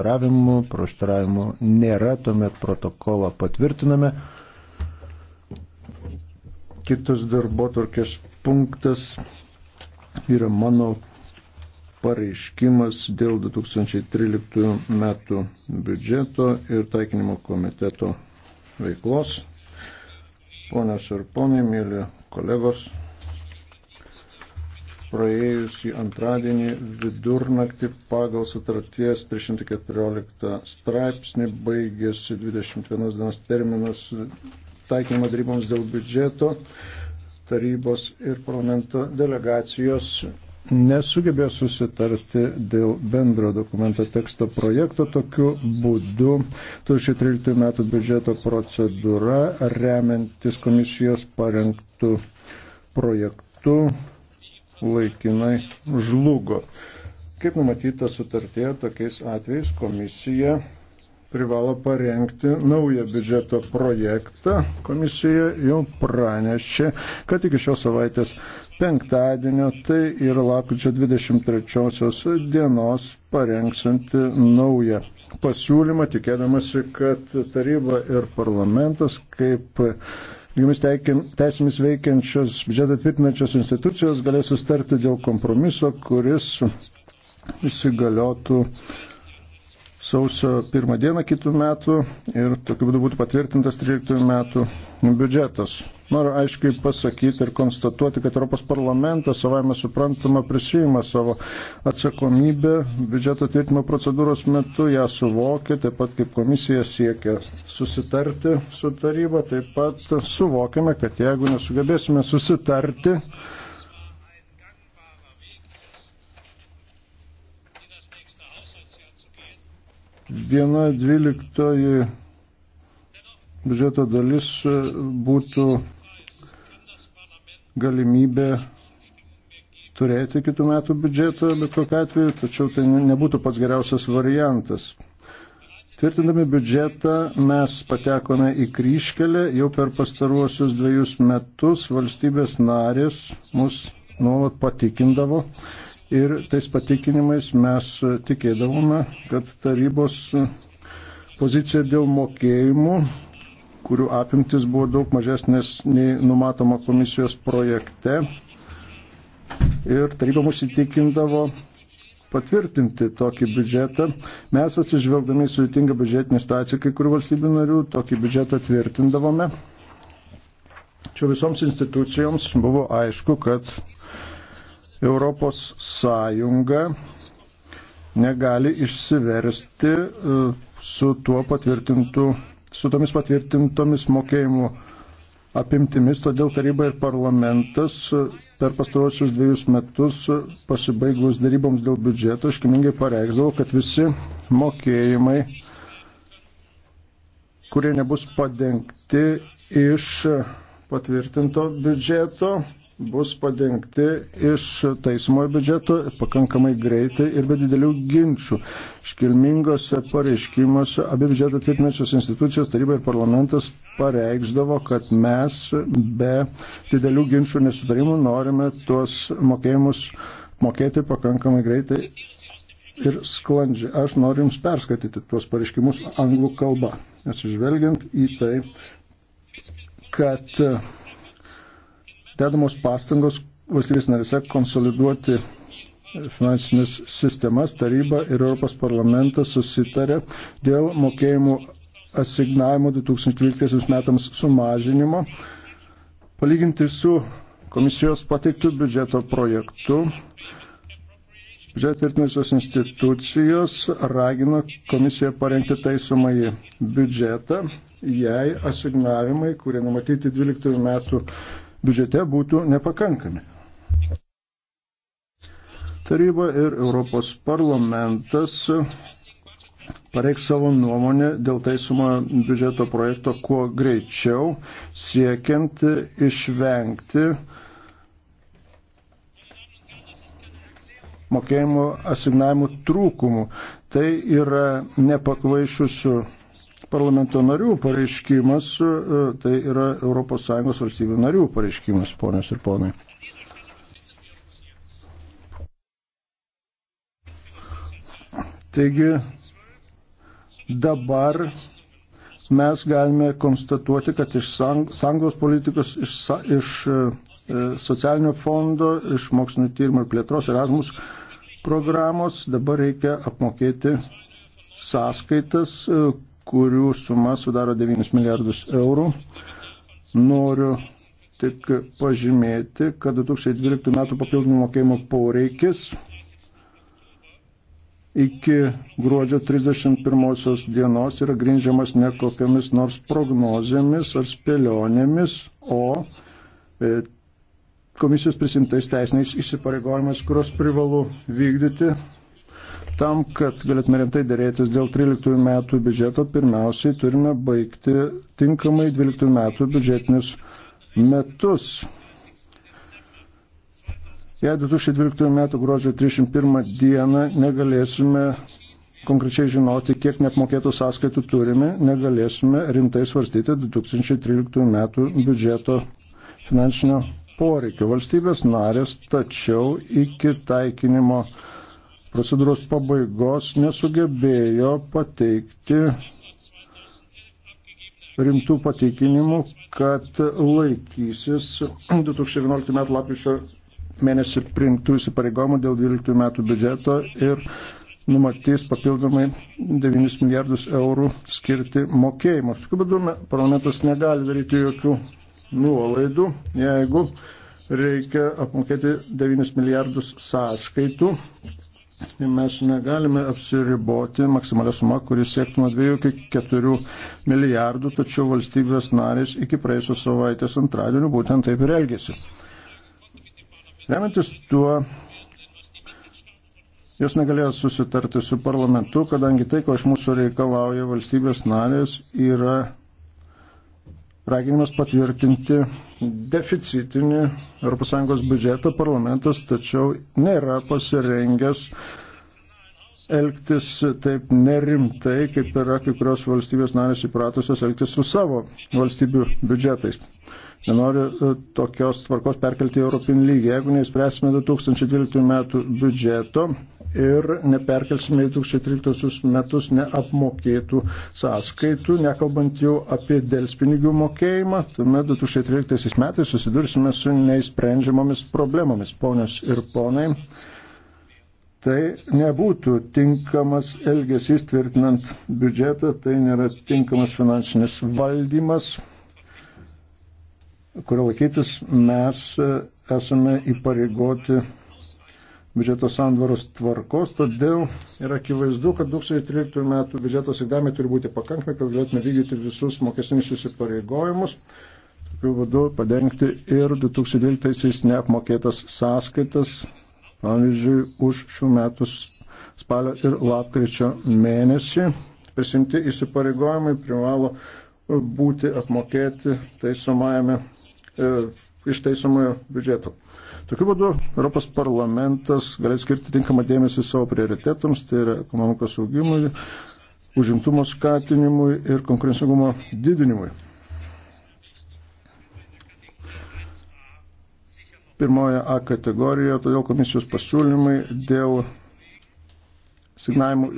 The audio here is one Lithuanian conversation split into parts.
prieštaravimų, prieštaravimų nėra, tuomet protokolą patvirtiname. Kitas darbo tvarkės punktas yra mano pareiškimas dėl 2013 metų biudžeto ir taikinimo komiteto veiklos. Ponios ir ponai, mėly kolegos, praėjusį antradienį vidurnaktį pagal sutarties 314 straipsnį baigėsi 21 dienos terminas taikymo daryboms dėl biudžeto. Tarybos ir parlamento delegacijos nesugebėjo susitarti dėl bendro dokumento teksto projekto. Tokiu būdu 2013 metų biudžeto procedūra remiantis komisijos parengtų projektų laikinai žlugo. Kaip numatyta sutartėje, tokiais atvejais komisija privalo parengti naują biudžeto projektą. Komisija jau pranešė, kad iki šios savaitės penktadienio, tai yra lapkričio 23 dienos, parengsinti naują pasiūlymą, tikėdamasi, kad taryba ir parlamentas kaip lygiamis teisėmis veikiančios biudžetą tvirtinančios institucijos galės sustarti dėl kompromiso, kuris įsigaliotų sausio pirmą dieną kitų metų ir tokiu būdu būtų patvirtintas 13 metų biudžetas. Noriu aiškiai pasakyti ir konstatuoti, kad Europos parlamentas savaime suprantama prisijima savo atsakomybę biudžeto tvirtimo procedūros metu, ją suvokia, taip pat kaip komisija siekia susitarti su taryba, taip pat suvokiame, kad jeigu nesugebėsime susitarti, Diena 12 biudžeto dalis būtų galimybė turėti kitų metų biudžetą, bet kokiu atveju, tačiau tai nebūtų pats geriausias variantas. Tvirtindami biudžetą mes patekome į kryškelę, jau per pastaruosius dviejus metus valstybės narės mus nuolat patikindavo, ir tais patikinimais mes tikėdavome, kad tarybos pozicija dėl mokėjimų, kurių apimtis buvo daug mažesnės nei numatoma komisijos projekte, ir taryba mus įtikindavo patvirtinti tokį biudžetą. Mes atsižvelgdami sudėtingą biudžetinį situaciją kai kurių valstybių narių tokį biudžetą tvirtindavome. Čia visoms institucijoms buvo aišku, kad Europos Sąjunga negali išsiversti e, su, su tomis patvirtintomis mokėjimų apimtimis, todėl taryba ir parlamentas e, per pastarosius dviejus metus e, pasibaigus daryboms dėl biudžeto iškiningai pareikždavo, kad visi mokėjimai, kurie nebus padengti iš patvirtinto biudžeto, bus padengti iš teismo biudžeto pakankamai greitai ir be didelių ginčių. Iškilmingose pareiškimuose abi biudžetą tvirtinančios institucijos, taryba ir parlamentas pareikšdavo, kad mes be didelių ginčių nesutarimų norime tuos mokėjimus mokėti pakankamai greitai ir sklandžiai. Aš noriu Jums perskaityti tuos pareiškimus anglų kalba, atsižvelgiant į tai, kad dedamos pastangos valstybės narise konsoliduoti finansinės sistemas, taryba ir Europos parlamentas susitarė dėl mokėjimų asignavimo 2012 metams sumažinimo. Palyginti su komisijos pateiktų biudžeto projektu, biudžet tvirtinusios institucijos ragino komisiją parengti taisomąjį biudžetą, jei asignavimai, kurie numatyti 12 metų biudžete būtų nepakankami. Taryba ir Europos parlamentas pareikš savo nuomonę dėl taisomo biudžeto projekto kuo greičiau, siekiant išvengti mokėjimo asignavimų trūkumų. Tai yra nepakvaišusių parlamento narių pareiškimas, e, tai yra ES valstybių narių pareiškimas, ponios ir ponai. Taigi dabar mes galime konstatuoti, kad iš sąjungos politikos, iš, iš e, e, socialinio fondo, iš mokslinio tyrimo ir plėtros Erasmus programos dabar reikia apmokėti sąskaitas, kurių suma sudaro 9 milijardus eurų. Noriu tik pažymėti, kad 2012 metų papildomų mokėjimo poreikis iki gruodžio 31 dienos yra grindžiamas ne kokiamis nors prognozėmis ar spėlionėmis, o e, komisijos prisimtais teisiniais įsipareigojimais, kurios privalu vykdyti Tam, kad galėtume rimtai dėrėtis dėl 13 metų biudžeto, pirmiausiai turime baigti tinkamai 12 metų biudžetinius metus. Jei 2012 metų gruodžio 31 dieną negalėsime konkrečiai žinoti, kiek neapmokėtų sąskaitų turime, negalėsime rimtai svarstyti 2013 metų biudžeto finansinio poreikio. Valstybės narės tačiau iki taikinimo procedūros pabaigos nesugebėjo pateikti rimtų patikinimų, kad laikysis 2011 m. lapkričio mėnesį priimtų įsipareigomų dėl 12 metų biudžeto ir numatys papildomai 9 milijardus eurų skirti mokėjimams. Tokiu būdu parlamentas negali daryti jokių nuolaidų, jeigu reikia apmokėti 9 milijardus sąskaitų mes negalime apsiriboti maksimalią sumą, kuris siektų nuo 2 iki 4 milijardų, tačiau valstybės narės iki praėjusios savaitės antradienio būtent taip ir elgėsi. Remiantis tuo, jos negalėjo susitarti su parlamentu, kadangi tai, ko iš mūsų reikalauja valstybės narės, yra raginimas patvirtinti deficitinį ES biudžetą parlamentas, tačiau nėra pasirengęs elgtis taip nerimtai, kaip yra kai kurios valstybės narės įpratusios elgtis su savo valstybių biudžetais. Nenoriu e, tokios tvarkos perkelti į Europinį lygį. Jeigu neįspręsime 2012 metų biudžeto, ir neperkelsime į 2013 metus neapmokėtų sąskaitų, nekalbant jau apie dėlspinigių mokėjimą, tuomet 2013 metais susidursime su neįsprendžiamomis problemomis, ponios ir ponai. Tai nebūtų tinkamas elgesys tvirtinant biudžetą, tai nėra tinkamas finansinis valdymas, kurio laikytis mes e, esame įpareigoti biudžeto sandvaros tvarkos, todėl yra akivaizdu, kad 2013 metų biudžeto sigdami turi būti pakankami, kad galėtume vykdyti visus mokestinius įsipareigojimus, tokiu būdu padengti ir 2012 neapmokėtas sąskaitas, pavyzdžiui, už šių metų spalio ir lapkričio mėnesį. Prisimti įsipareigojimai privalo būti apmokėti taisomajame, e, iš taisomojo biudžeto. Tokiu būdu Europos parlamentas galės skirti tinkamą dėmesį savo prioritetams, tai yra ekonomikos augimui, užimtumo skatinimui ir konkurencingumo didinimui. Pirmoje A kategorijoje, todėl komisijos pasiūlymai dėl signavimų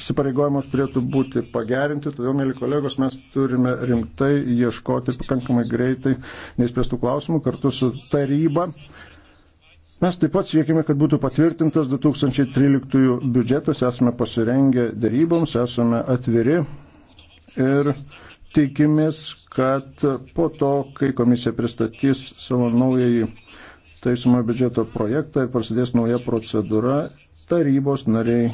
įsipareigojimus turėtų būti pagerinti, todėl, mėly kolegos, mes turime rimtai ieškoti pakankamai greitai neįspręstų klausimų kartu su taryba. Mes taip pat siekime, kad būtų patvirtintas 2013 biudžetas, esame pasirengę daryboms, esame atviri ir tikimės, kad po to, kai komisija pristatys savo naująjį taisomo biudžeto projektą ir prasidės nauja procedūra, tarybos nariai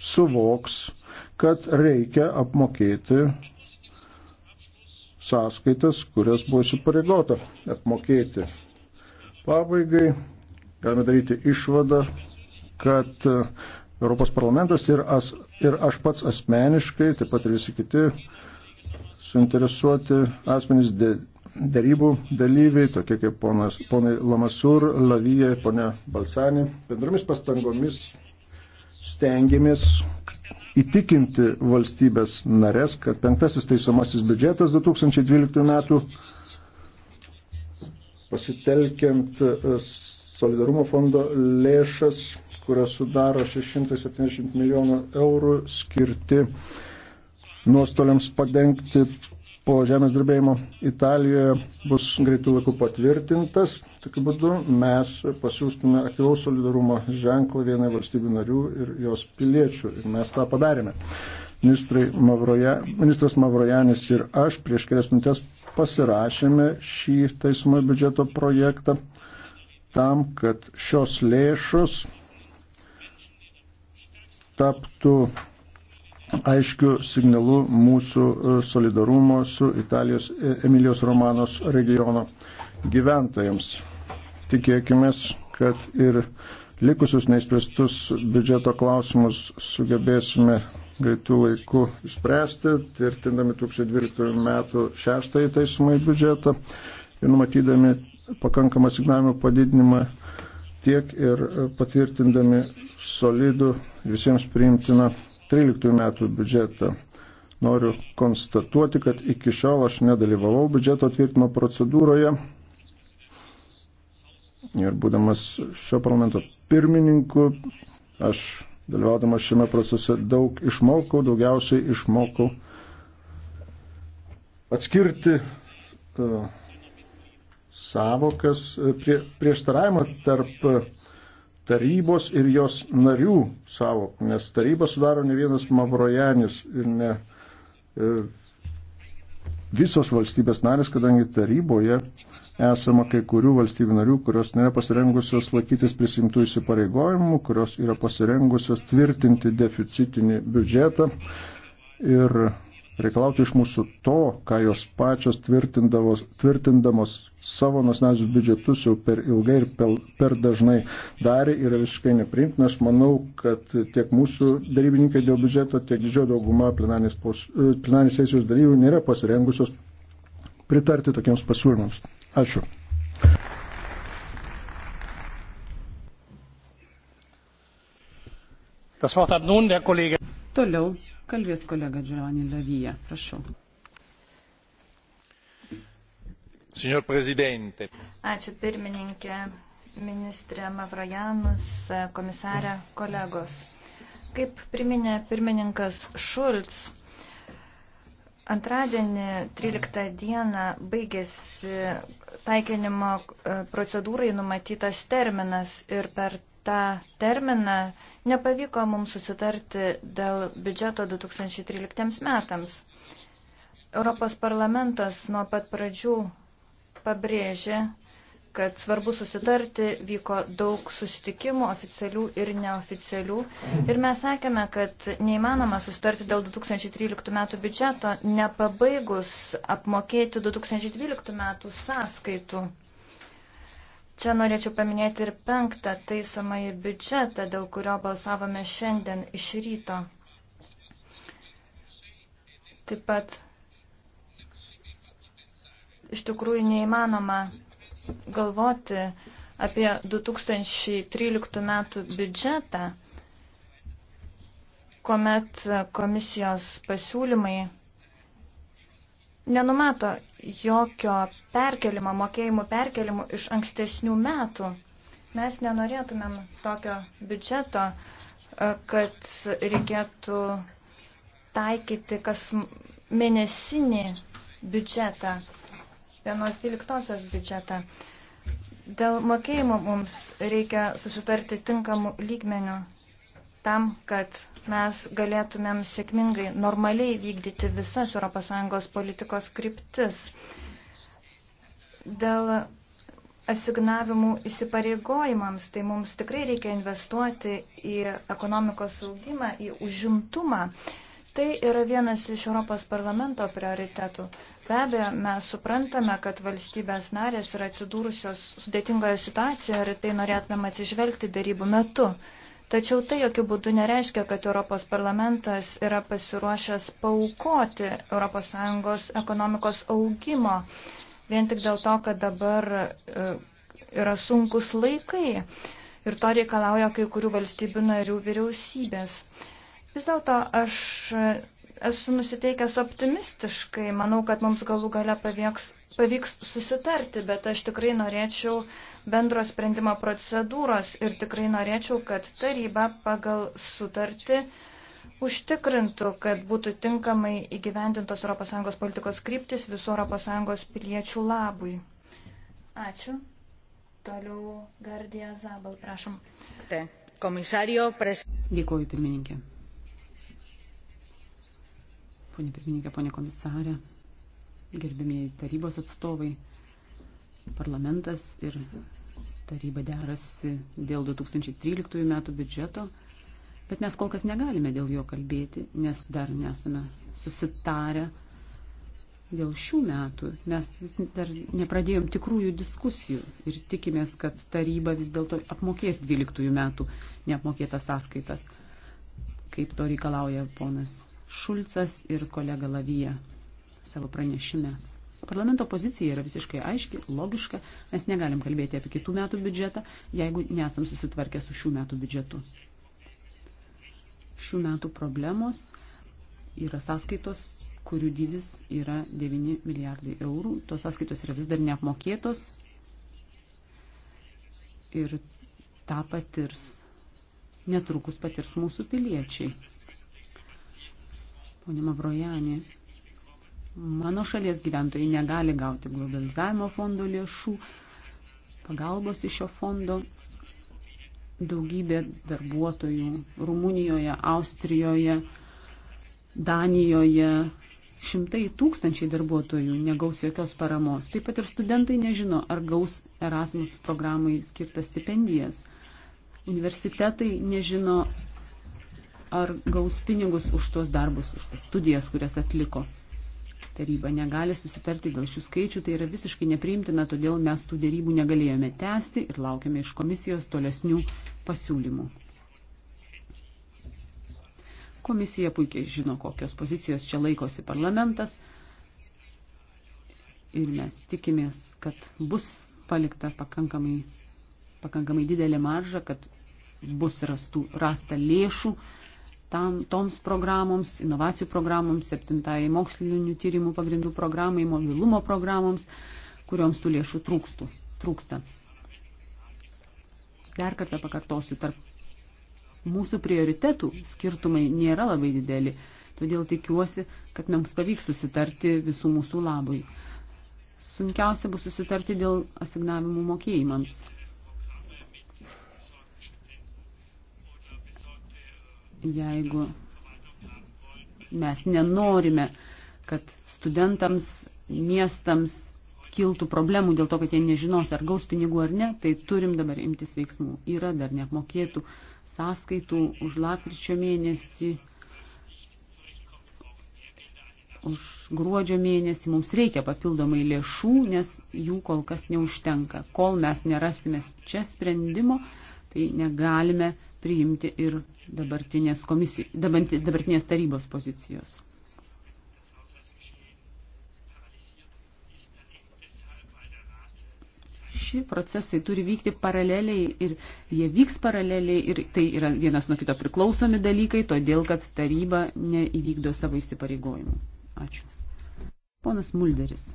suvoks, kad reikia apmokėti sąskaitas, kurias buvo įsipareigota apmokėti. Pabaigai galime daryti išvadą, kad Europos parlamentas ir, as, ir aš pats asmeniškai, taip pat ir visi kiti suinteresuoti asmenys darybų dalyviai, tokie kaip ponas, ponai Lamasur, Lavija, ponia Balsani, bendromis pastangomis stengiamės įtikinti valstybės narės, kad penktasis taisomasis biudžetas 2012 metų pasitelkiant e, solidarumo fondo lėšas, kurios sudaro 670 milijonų eurų skirti nuostoliams padengti po žemės drebėjimo Italijoje bus greitų laikų patvirtintas. Tokiu būdu mes pasiūstume aktyvaus solidarumo ženklą vienai valstybių narių ir jos piliečių. Ir mes tą padarėme. Mavroja, ministras Mavrojanis ir aš prieš kelias minutės pasirašėme šį teismo biudžeto projektą tam, kad šios lėšos taptų aiškiu signalu mūsų e, solidarumo su Italijos e, Emilijos Romanos regiono gyventojams. Tikėkime, kad ir likusius neįspręstus biudžeto klausimus sugebėsime greitų laikų išspręsti, tvirtindami 2012 metų šeštąjį taisomąjį biudžetą ir numatydami pakankamą signavimo padidinimą tiek ir e, patvirtindami solidų visiems priimtiną 13 metų biudžetą. Noriu konstatuoti, kad iki šiol aš nedalyvavau biudžeto tvirtimo procedūroje ir būdamas šio parlamento pirmininku, aš dalyvaudamas šiame procese daug išmokau, daugiausiai išmokau atskirti uh, savokas uh, prie, prieštaravimą tarp uh, tarybos ir jos narių savo, nes tarybą sudaro ne vienas Mavrojanis ir ne e, visos valstybės narės, kadangi taryboje esama kai kurių valstybių narių, kurios nėra pasirengusios laikytis prisimtų įsipareigojimų, kurios yra pasirengusios tvirtinti deficitinį biudžetą ir reikalauti iš mūsų to, ką jos pačios tvirtindamos savo nacionalinius biudžetus jau per ilgai ir per, per dažnai darė, yra visiškai nepriimtina. Aš manau, kad tiek mūsų darybininkai dėl biudžeto, tiek didžioji dauguma plenarės e, sesijos dalyvių nėra pasirengusios pritarti tokiems pasiūlymams. Ačiū. Das Wort hat nun der Kollege. Toliau Kalbės kolega Giovanni Lavija. Prašau. Signor Presidente. Ačiū pirmininkė, ministrė Mavrojanus, komisarė, kolegos. Kaip priminė pirmininkas Šulc, Antradienį 13 dieną baigėsi taikinimo e, procedūrai numatytas terminas ir per tą terminą nepavyko mums susitarti dėl biudžeto 2013 metams. Europos parlamentas nuo pat pradžių pabrėžė, kad svarbu susitarti, vyko daug susitikimų, oficialių ir neoficialių. Ir mes sakėme, kad neįmanoma susitarti dėl 2013 metų biudžeto, nepabaigus apmokėti 2012 metų sąskaitų. Čia norėčiau paminėti ir penktą taisomąjį biudžetą, dėl kurio balsavome šiandien iš ryto. Taip pat iš tikrųjų neįmanoma galvoti apie 2013 metų biudžetą, kuomet komisijos pasiūlymai nenumato jokio perkelimo, mokėjimų perkelimų iš ankstesnių metų. Mes nenorėtumėm tokio biudžeto, e, kad reikėtų taikyti kas mėnesinį biudžetą, vienos dvyliktosios biudžetą. Dėl mokėjimo mums reikia susitarti tinkamų lygmenių tam, kad mes galėtumėm sėkmingai, normaliai vykdyti visas ES politikos kryptis. Dėl asignavimų įsipareigojimams, tai mums tikrai reikia investuoti į ekonomikos augimą, į užimtumą. Tai yra vienas iš Europos parlamento prioritetų. Be abejo, mes suprantame, kad valstybės narės yra atsidūrusios sudėtingoje situacijoje ir tai norėtumėm atsižvelgti darybų metu. Tačiau tai jokių būdų nereiškia, kad Europos parlamentas yra pasiruošęs paukoti ES ekonomikos augimo vien tik dėl to, kad dabar e, yra sunkus laikai ir to reikalauja kai kurių valstybių narių vyriausybės. Vis dėlto aš e, esu nusiteikęs optimistiškai, manau, kad mums galų gale pavyks pavyks susitarti, bet aš tikrai norėčiau bendro sprendimo procedūros ir tikrai norėčiau, kad taryba pagal sutartį užtikrintų, kad būtų tinkamai įgyvendintos ES politikos kryptis visų ES piliečių labui. Ačiū. Toliau Gardija Zabal, prašom. Komisario pres... Dėkuoju, pirmininkė. Pone pirmininkė, pone komisarė, gerbimieji tarybos atstovai, parlamentas ir taryba derasi dėl 2013 metų biudžeto, bet mes kol kas negalime dėl jo kalbėti, nes dar nesame susitarę dėl šių metų. Mes vis dar nepradėjom tikrųjų diskusijų ir tikimės, kad taryba vis dėlto apmokės 12 metų neapmokėtas sąskaitas, kaip to reikalauja ponas Šulcas ir kolega Lavija savo pranešime. Parlamento pozicija yra visiškai aiški, logiška, mes negalim kalbėti apie kitų metų biudžetą, jeigu nesam susitvarkę su šių metų biudžetu. Šių metų problemos yra sąskaitos, kurių dydis yra 9 milijardai eurų. Tos sąskaitos yra vis dar neapmokėtos ir tą patirs, netrukus patirs mūsų piliečiai. Pone Mavrojani, Mano šalies gyventojai negali gauti globalizavimo fondo lėšų, pagalbos iš šio fondo. Daugybė darbuotojų Rumunijoje, Austrijoje, Danijoje, šimtai tūkstančiai darbuotojų negaus jokios paramos. Taip pat ir studentai nežino, ar gaus Erasmus programai skirtas stipendijas. Universitetai nežino, ar gaus pinigus už tuos darbus, už tas studijas, kurias atliko. Taryba negali susitarti dėl šių skaičių, tai yra visiškai nepriimtina, todėl mes tų dėrybų negalėjome tęsti ir laukiame iš komisijos tolesnių pasiūlymų. Komisija puikiai žino, kokios pozicijos čia laikosi parlamentas ir mes tikimės, kad bus palikta pakankamai, pakankamai didelė marža, kad bus rastų, rasta lėšų tam, toms programoms, inovacijų programoms, septintai mokslinių tyrimų pagrindų programai, mobilumo programoms, kurioms tų lėšų trūkstų, trūksta. Dar kartą pakartosiu, tarp mūsų prioritetų skirtumai nėra labai dideli, todėl tikiuosi, kad mums pavyks susitarti visų mūsų labui. Sunkiausia bus susitarti dėl asignavimų mokėjimams jeigu mes nenorime, kad studentams, miestams kiltų problemų dėl to, kad jie nežinos, ar gaus pinigų ar ne, tai turim dabar imtis veiksmų. Yra dar neapmokėtų sąskaitų už lapkričio mėnesį, už gruodžio mėnesį. Mums reikia papildomai lėšų, nes jų kol kas neužtenka. Kol mes nerasime čia sprendimo, tai negalime priimti ir dabartinės, komisijos, dabartinės tarybos pozicijos. Ši procesai turi vykti paraleliai ir jie vyks paraleliai ir tai yra vienas nuo kito priklausomi dalykai, todėl kad taryba neįvykdo savo įsipareigojimų. Ačiū. Ponas Mulderis.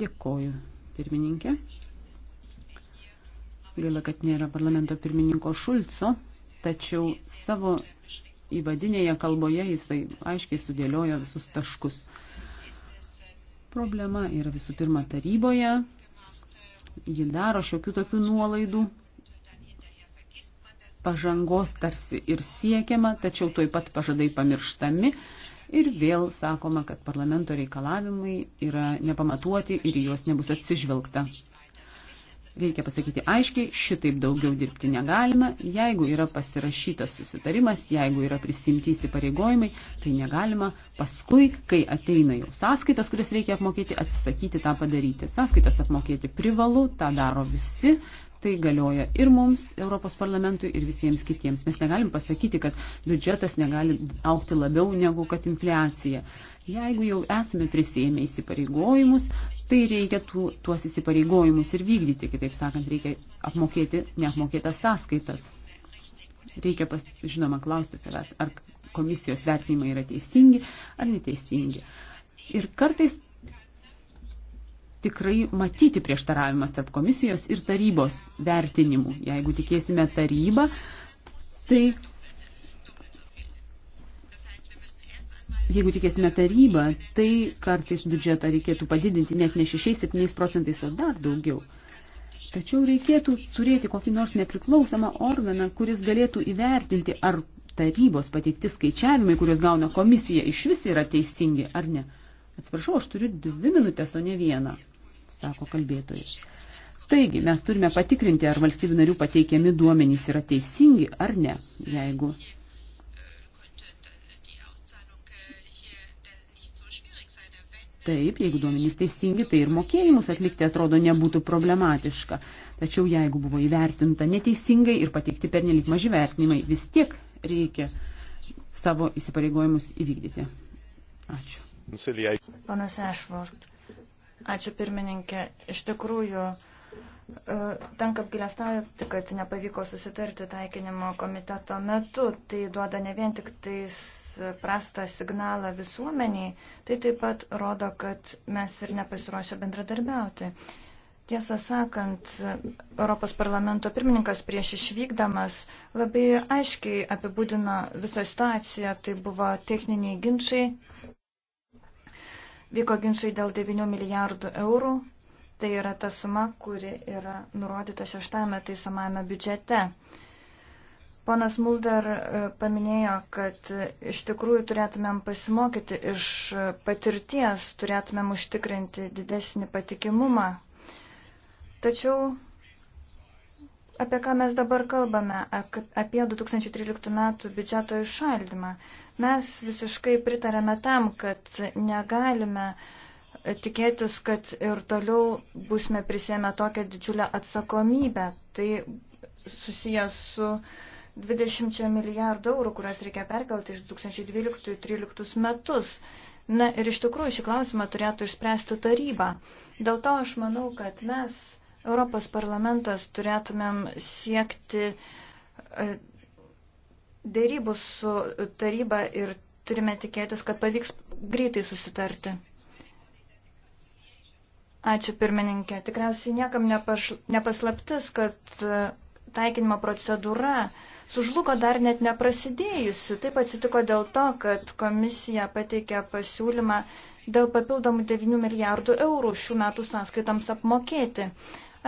Dėkoju, pirmininkė. Gaila, kad nėra parlamento pirmininko Šulco, tačiau savo įvadinėje kalboje jisai aiškiai sudėliojo visus taškus. Problema yra visų pirma taryboje, ji daro šiokių tokių nuolaidų, pažangos tarsi ir siekiama, tačiau tuoj pat pažadai pamirštami ir vėl sakoma, kad parlamento reikalavimai yra nepamatuoti ir juos nebus atsižvelgta reikia pasakyti aiškiai, šitaip daugiau dirbti negalima, jeigu yra pasirašytas susitarimas, jeigu yra prisimti įsipareigojimai, tai negalima paskui, kai ateina jau sąskaitas, kuris reikia apmokėti, atsisakyti tą padaryti. Sąskaitas apmokėti privalu, tą daro visi. Tai galioja ir mums, Europos parlamentui, ir visiems kitiems. Mes negalim pasakyti, kad biudžetas negali aukti labiau negu kad infliacija. Jeigu jau esame prisėmę įsipareigojimus, tai reikia tų, tuos įsipareigojimus ir vykdyti, kitaip sakant, reikia apmokėti neapmokėtas sąskaitas. Reikia, pas, žinoma, klausti savęs, ar komisijos vertinimai yra teisingi ar neteisingi. Ir kartais tikrai matyti prieštaravimas tarp komisijos ir tarybos vertinimų. Jeigu tikėsime tarybą, tai jeigu tikėsime tarybą, tai kartais biudžetą reikėtų padidinti net ne 6-7 procentais, o dar daugiau. Tačiau reikėtų turėti kokį nors nepriklausomą organą, kuris galėtų įvertinti, ar tarybos pateikti skaičiavimai, kuriuos gauna komisija, iš vis yra teisingi ar ne. Atsiprašau, aš turiu dvi minutės, o ne vieną, sako kalbėtojas. Taigi, mes turime patikrinti, ar valstybių narių pateikiami duomenys yra teisingi ar ne. Jeigu Taip, jeigu duomenys teisingi, tai ir mokėjimus atlikti atrodo nebūtų problematiška. Tačiau jeigu buvo įvertinta neteisingai ir pateikti pernelik maži vertinimai, vis tiek reikia savo įsipareigojimus įvykdyti. Ačiū. Panas Ešvort, ačiū pirmininkė. Iš tikrųjų, e, tenka apgilestauti, kad nepavyko susitarti taikinimo komiteto metu. Tai duoda ne vien tik tais prastą signalą visuomeniai, tai taip pat rodo, kad mes ir nepasiruošę bendradarbiauti. Tiesą sakant, Europos parlamento pirmininkas prieš išvykdamas labai aiškiai apibūdino visą situaciją. Tai buvo techniniai ginčiai, vyko ginčiai dėl 9 milijardų eurų. Tai yra ta suma, kuri yra nurodyta šeštame taisomame biudžete. Ponas Mulder e, paminėjo, kad iš tikrųjų turėtumėm pasimokyti iš patirties, turėtumėm užtikrinti didesnį patikimumą. Tačiau apie ką mes dabar kalbame, apie 2013 metų biudžeto išaldymą, mes visiškai pritarėme tam, kad negalime tikėtis, kad ir toliau busime prisėmę tokią didžiulę atsakomybę. Tai susijęs su uh, 20 milijardų eurų, kurias reikia perkelti iš 2012-2013 metus. Na ir iš tikrųjų šį klausimą turėtų išspręsti taryba. Dėl to aš manau, kad mes, Europos parlamentas, turėtumėm siekti e, dėrybų su taryba ir turime tikėtis, kad pavyks greitai susitarti. Ačiū pirmininkė. Tikriausiai niekam nepaš, nepaslaptis, kad taikinimo procedūra sužlugo dar net neprasidėjusi. Taip atsitiko dėl to, kad komisija pateikė pasiūlymą dėl papildomų 9 milijardų eurų šių metų sąskaitams apmokėti.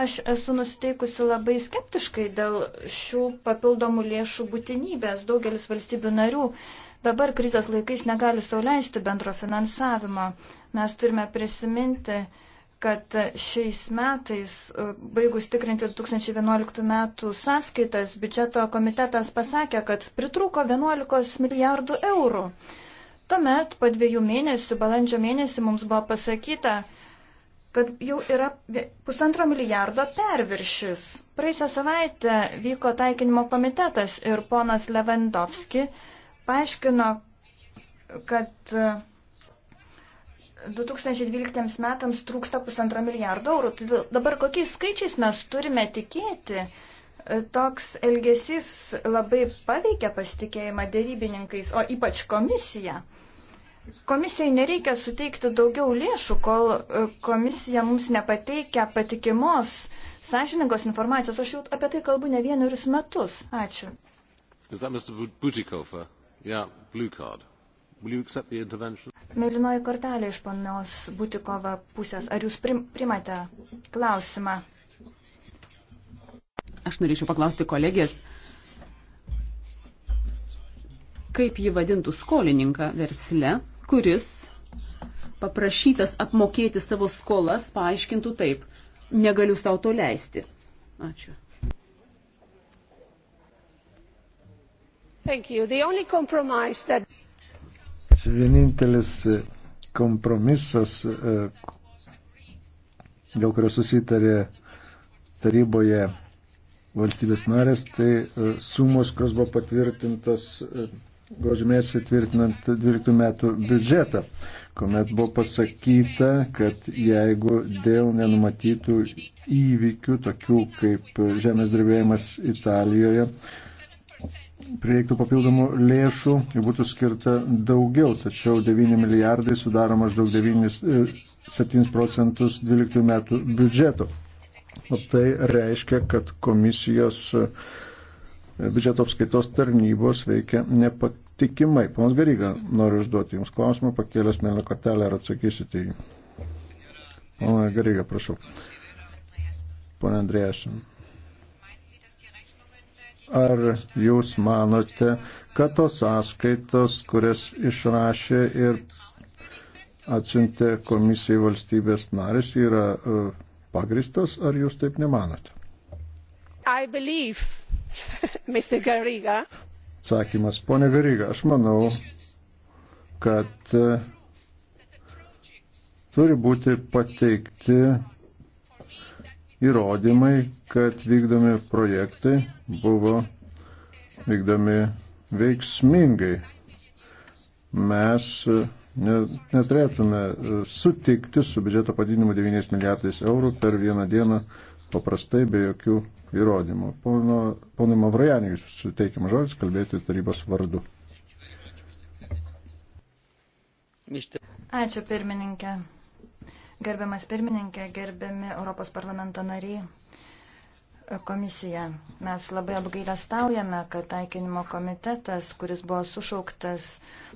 Aš esu nusiteikusi labai skeptiškai dėl šių papildomų lėšų būtinybės. Daugelis valstybių narių dabar krizės laikais negali sauliaisti bendro finansavimo. Mes turime prisiminti, kad šiais metais, e, baigus tikrinti 2011 metų sąskaitas, biudžeto komitetas pasakė, kad pritruko 11 milijardų eurų. Tuomet po dviejų mėnesių, balandžio mėnesį, mums buvo pasakyta, kad jau yra pusantro milijardo perviršis. Praėjusią savaitę vyko taikinimo komitetas ir ponas Levendovski paaiškino, kad 2012 metams trūksta pusantro milijardo eurų. Tai dabar kokiais skaičiais mes turime tikėti? E, toks elgesys labai paveikia pasitikėjimą dėrybininkais, o ypač komisiją. Komisijai nereikia suteikti daugiau lėšų, kol e, komisija mums nepateikia patikimos, sąžiningos informacijos. Aš jau apie tai kalbu ne vienerius metus. Ačiū. Is that Mr. Butikofer? Yeah, blue card. Mėlynoji kortelė iš ponios Butikova pusės. Ar jūs prim, primate klausimą? Aš norėčiau paklausti kolegės, kaip jį vadintų skolininką versle, kuris paprašytas apmokėti savo skolas, paaiškintų taip, negaliu savo to leisti. Ačiū. That vienintelis e, kompromisas, e, dėl kurio susitarė taryboje valstybės narės, tai e, sumos, kurios buvo patvirtintas gruodžio mėnesį tvirtinant 12 metų biudžetą, kuomet buvo pasakyta, kad jeigu dėl nenumatytų įvykių, tokių kaip žemės drebėjimas Italijoje, prireiktų papildomų lėšų, jų būtų skirta daugiau, tačiau 9 milijardai sudaro maždaug 9,7 e, procentus 12 metų biudžeto. O tai reiškia, kad komisijos e, biudžeto apskaitos tarnybos veikia nepatikimai. Ponas Garyga, noriu užduoti Jums klausimą, pakėlęs mėlyną kortelę ar atsakysite į jį. Pana Garyga, prašau. Pone Andrėjasin. Ar jūs manote, kad tos sąskaitos, kurias išrašė ir atsiuntė komisijai valstybės narės, yra e, pagristos, ar jūs taip nemanote? I believe, Mr. Gariga. Atsakymas, ponė Gariga, aš manau, kad e, turi būti pateikti įrodymai, kad vykdomi projektai buvo vykdomi veiksmingai. Mes e, neturėtume e, sutikti su biudžeto padidinimu 9 milijardais eurų per vieną dieną paprastai be jokių įrodymų. Ponai Mavrajaniui suteikiam žodis kalbėti tarybos vardu. Ačiū pirmininkė. Gerbiamas pirmininkė, gerbiami Europos parlamento nariai, komisija. Mes labai apgailestaujame, kad taikinimo komitetas, kuris buvo sušauktas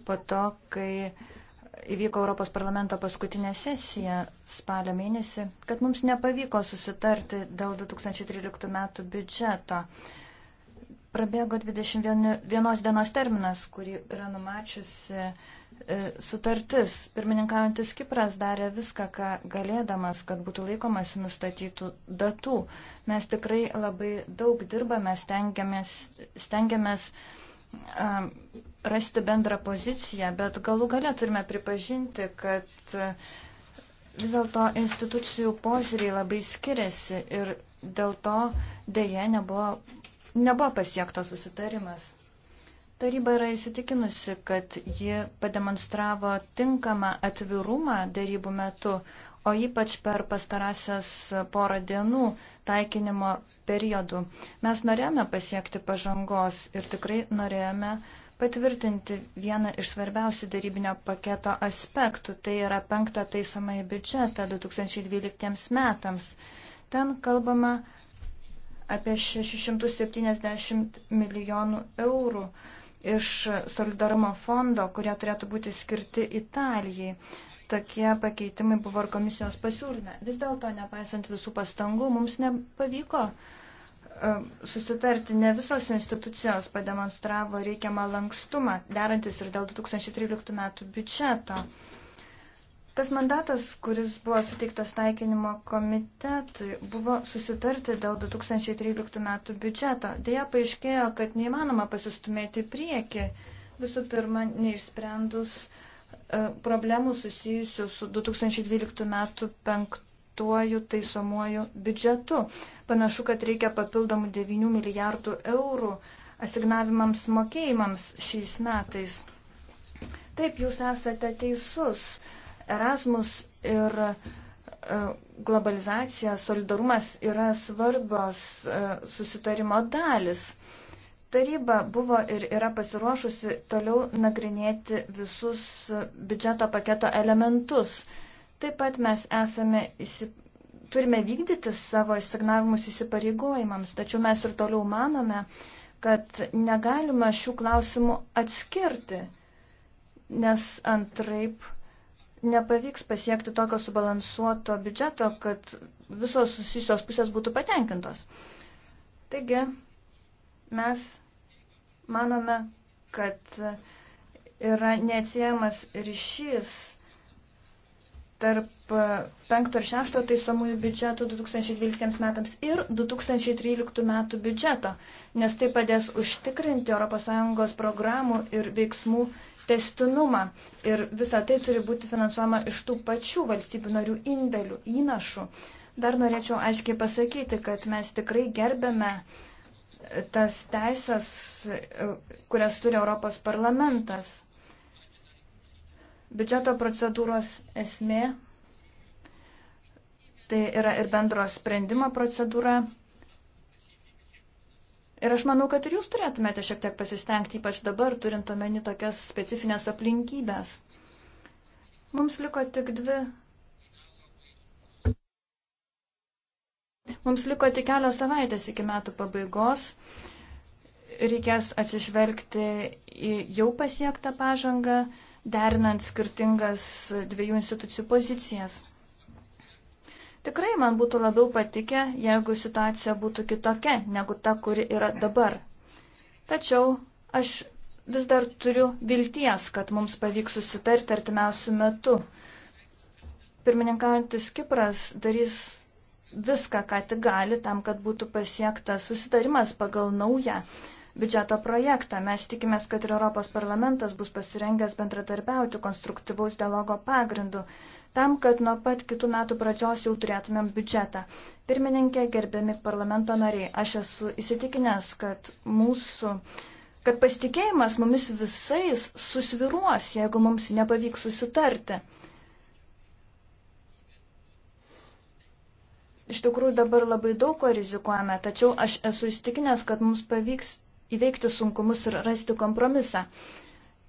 po to, kai įvyko Europos parlamento paskutinė sesija spalio mėnesį, kad mums nepavyko susitarti dėl 2013 metų biudžeto. Prabėgo 21 dienos terminas, kurį yra numačiusi E, sutartis. Pirmininkaujantis Kipras darė viską, ką galėdamas, kad būtų laikomasi nustatytų datų. Mes tikrai labai daug dirbame, stengiamės, stengiamės um, rasti bendrą poziciją, bet galų gale turime pripažinti, kad uh, vis dėlto institucijų požiūriai labai skiriasi ir dėl to dėje nebuvo, nebuvo pasiektas susitarimas. Taryba yra įsitikinusi, kad ji pademonstravo tinkamą atvirumą darybų metu, o ypač per pastarąsias porą dienų taikinimo periodų. Mes norėjome pasiekti pažangos ir tikrai norėjome patvirtinti vieną iš svarbiausių darybinio paketo aspektų, tai yra penktą taisomąjį biudžetą 2012 metams. Ten kalbama apie 670 milijonų eurų iš solidarumo fondo, kurie turėtų būti skirti Italijai. Tokie pakeitimai buvo ir komisijos pasiūlyme. Vis dėlto, nepaisant visų pastangų, mums nepavyko e, susitarti. Ne visos institucijos pademonstravo reikiamą lankstumą, derantis ir dėl 2013 metų biudžeto. Tas mandatas, kuris buvo suteiktas taikinimo komitetui, buvo susitarti dėl 2013 metų biudžeto. Deja, paaiškėjo, kad neįmanoma pasistumėti prieki, visų pirma, neišsprendus e, problemų susijusių su 2012 metų penktuoju taisomuoju biudžetu. Panašu, kad reikia papildomų 9 milijardų eurų asignavimams mokėjimams šiais metais. Taip, jūs esate teisus. Uh, Erasmus ir e, globalizacija, solidarumas yra svarbios e, susitarimo dalis. Taryba buvo ir yra pasiruošusi toliau nagrinėti visus biudžeto paketo elementus. Taip pat mes esame įsip... turime vykdyti savo įsignavimus įsipareigojimams, tačiau mes ir toliau manome, kad negalima šių klausimų atskirti, nes antraip nepavyks pasiekti tokio subalansuoto biudžeto, kad visos susijusios pusės būtų patenkintos. Taigi, mes manome, kad yra neatsiejamas ryšys tarp 5 e, ir 6 taisomųjų biudžetų 2012 metams ir 2013 metų biudžeto, nes tai padės užtikrinti ES programų ir veiksmų testinumą. Ir visa tai turi būti finansuojama iš tų pačių valstybių narių indėlių, įnašų. Dar norėčiau aiškiai pasakyti, kad mes tikrai gerbėme e, tas teisės, e, kurias turi Europos parlamentas Biudžeto procedūros esmė tai yra ir bendro sprendimo procedūra. Ir aš manau, kad ir jūs turėtumėte šiek tiek pasistengti, ypač dabar, turint omeny tokias specifines aplinkybės. Mums liko tik dvi. Mums liko tik kelios savaitės iki metų pabaigos. Reikės atsižvelgti į jau pasiektą pažangą derinant skirtingas dviejų institucijų pozicijas. Tikrai man būtų labiau patikę, jeigu situacija būtų kitokia negu ta, kuri yra dabar. Tačiau aš vis dar turiu vilties, kad mums pavyks susitarti artimiausių metų. Pirmininkaujantis Kipras darys viską, ką tik gali, tam, kad būtų pasiektas susitarimas pagal naują biudžeto projektą. Mes tikimės, kad ir Europos parlamentas bus pasirengęs bendradarbiauti konstruktyvaus dialogo pagrindu, tam, kad nuo pat kitų metų pradžios jau turėtumėm biudžetą. Pirmininkė, gerbiami parlamento nariai, aš esu įsitikinęs, kad mūsų kad pasitikėjimas mumis visais susviruos, jeigu mums nepavyks susitarti. Iš tikrųjų dabar labai daug ko rizikuojame, tačiau aš esu įstikinęs, kad mums pavyks įveikti sunkumus ir rasti kompromisą.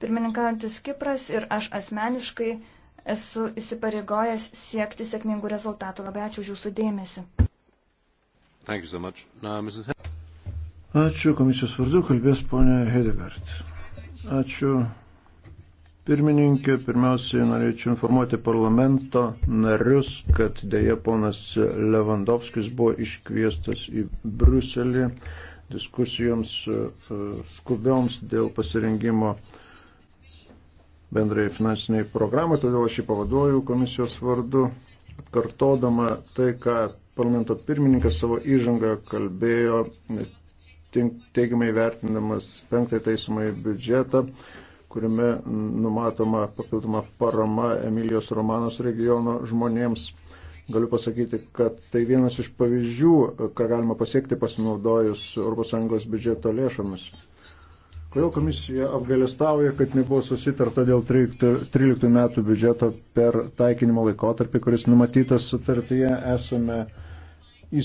Pirmininkaujantis Kipras ir aš asmeniškai esu įsipareigojęs siekti sėkmingų rezultatų. Labai ačiū už jūsų dėmesį. So much. Now, Mrs. Ačiū komisijos vardu, kalbės ponė Hedegard. Ačiū pirmininkė. Pirmiausiai norėčiau informuoti parlamento narius, kad dėja ponas Levandovskis buvo iškviestas į Bruselį diskusijoms e, e, skubioms dėl pasirengimo bendrai finansiniai programai, todėl aš jį pavaduoju komisijos vardu, kartodama tai, ką parlamento pirmininkas savo įžangą kalbėjo, teigiamai vertinamas penktąjį taisomąjį biudžetą, kuriame numatoma papildoma parama Emilijos Romanos regiono žmonėms Galiu pasakyti, kad tai vienas iš pavyzdžių, ką galima pasiekti pasinaudojus ES biudžeto lėšomis. Kodėl komisija apgalėstauja, kad nebuvo susitarta dėl 13 metų biudžeto per taikinimo laikotarpį, kuris numatytas sutartyje, esame